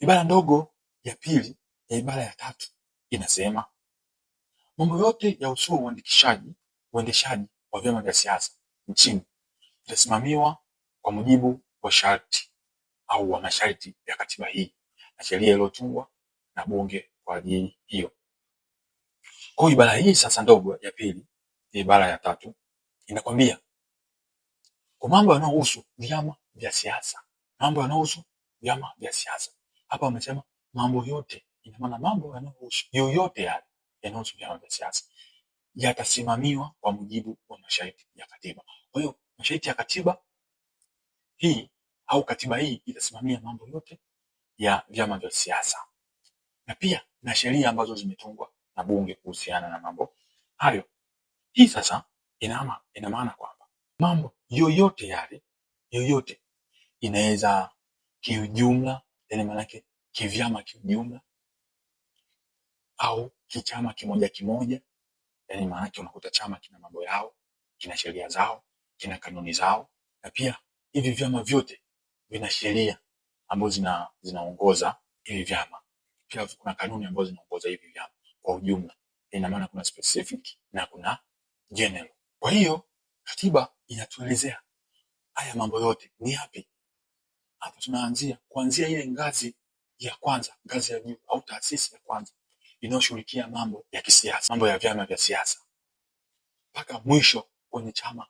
Ibara ndogo ya pili ya ibara ya tatu inasema mambo yote yahusuyo uandikishaji, uendeshaji wa vyama vya siasa nchini itasimamiwa kwa mujibu wa sharti au wa masharti ya katiba hii na sheria iliyotungwa na bunge kwa ajili hiyo. Kwa ibara hii sasa ndogo ya pili ya ibara ya tatu inakwambia kwa mambo yanayohusu vyama vya siasa, mambo yanayohusu vyama vya siasa hapa wamesema mambo yote, ina maana mambo yanayohusu yoyote yale yanayohusiana na siasa yatasimamiwa kwa mujibu wa masharti ya katiba. Kwa hiyo masharti ya katiba hii au katiba hii itasimamia mambo yote ya vyama vya siasa na pia na sheria ambazo zimetungwa na bunge kuhusiana na mambo hayo. Hii sasa inama, ina maana kwamba mambo yoyote yale yoyote inaweza kiujumla yani manake kivyama kiujumla au kichama kimoja kimoja, yani maanake unakuta chama kina mambo yao, kina sheria zao, kina kanuni zao, na pia hivi vyama vyote vina sheria ambazo zina zinaongoza hivi vyama, pia kuna kanuni ambazo zinaongoza hivi vyama kwa ujumla. Ina maana kuna specific na kuna general. Kwa hiyo katiba inatuelezea haya mambo yote ni yapi hapa tunaanzia kuanzia ile ngazi ya kwanza, ngazi ya juu au taasisi ya kwanza inayoshughulikia mambo ya kisiasa, mambo ya vyama vya siasa, mpaka mwisho kwenye chama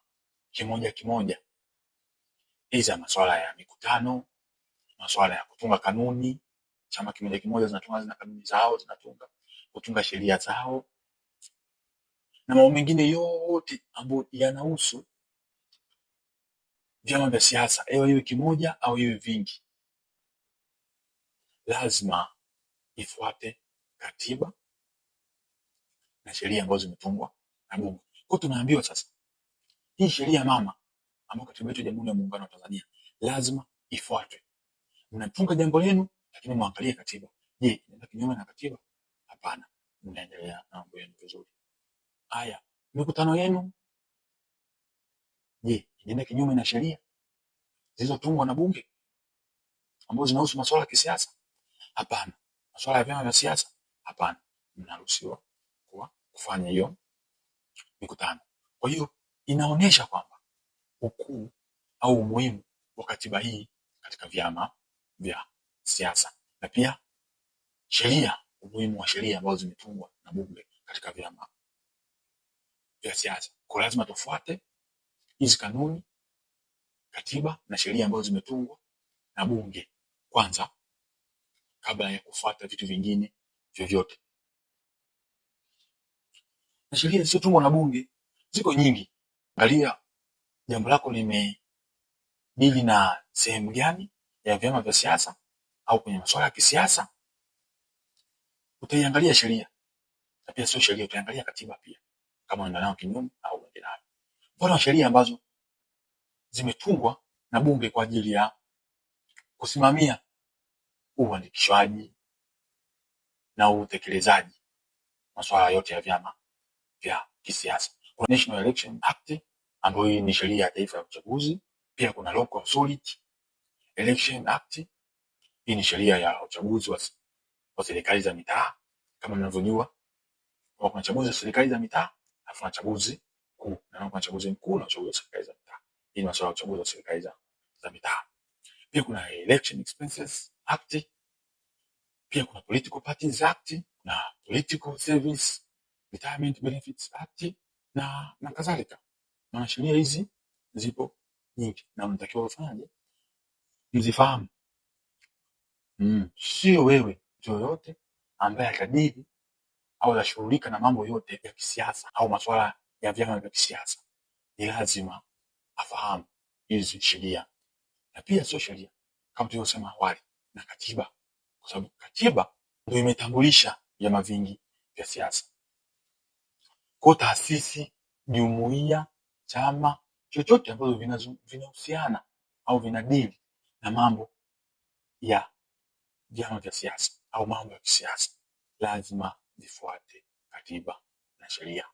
kimoja kimoja, iza masuala ya mikutano, masuala ya kutunga kanuni. Chama kimoja kimoja zinatunga zina kanuni zao, zinatunga kutunga sheria zao na mambo mengine yote ambayo yanahusu vyama vya siasa, ewe iwe kimoja au iwe vingi, lazima ifuate katiba na sheria ambazo zimetungwa na Bunge. Kwa tunaambiwa sasa, hii sheria mama ambayo katiba yetu ya Jamhuri ya Muungano wa Tanzania lazima ifuatwe. Mnatunga jambo lenu, lakini mwangalie katiba. Je, inaenda kinyume na katiba? Hapana, mnaendelea na mambo yenu vizuri. Haya, mikutano yenu, je, inaenda kinyume na sheria? zilizotungwa na bunge ambazo zinahusu masuala ya kisiasa? Hapana. Masuala ya vyama vya siasa? Hapana. Mnaruhusiwa kwa kufanya hiyo mikutano. Kwa hiyo inaonyesha kwamba ukuu au umuhimu wa katiba hii katika vyama vya siasa na pia sheria, umuhimu wa sheria ambazo zimetungwa na bunge katika vyama vya siasa. Kwa lazima tufuate hizi kanuni katiba na sheria ambazo zimetungwa na bunge kwanza kabla ya kufuata vitu vingine vyovyote. Na sheria zisizotungwa na bunge ziko nyingi. Angalia jambo lako limedili na sehemu gani ya vyama vya siasa au kwenye masuala ya kisiasa, utaiangalia sheria na pia sio sheria, utaiangalia katiba pia, kama unaenda nayo kinyume au unaenda nayo. Mfano wa sheria ambazo zimetungwa na Bunge kwa ajili ya kusimamia uandikishwaji na utekelezaji masuala yote ya vyama vya kisiasa. Kuna National Election Act ambayo hii ni sheria ya taifa ya uchaguzi. Pia kuna Local Authority Election Act, hii ni sheria ya uchaguzi wa, serikali za mitaa. Kama mnavyojua kuna chaguzi za serikali za mitaa, alafu kuna chaguzi kuu, na kuna chaguzi mkuu na uchaguzi wa serikali za mitaa hii ni masuala ya uchaguzi wa serikali za za mitaa. Pia kuna election expenses act, pia kuna political parties act na political service retirement benefits act na na kadhalika. Na sheria hizi zipo nyingi na mnatakiwa ufanyaje? Mzifahamu. Mm, sio wewe yoyote ambaye atajiri au anashughulika na mambo yote ya kisiasa au masuala ya vyama vya kisiasa, ni lazima kuzifahamu hizi sheria na pia sio sheria kama tulivyosema awali na katiba, kwa sababu katiba ndio imetambulisha vyama vingi vya siasa. Kwa taasisi, jumuiya, chama chochote ambazo vinahusiana au vina dili na mambo ya vyama vya siasa au mambo ya kisiasa lazima zifuate katiba na sheria.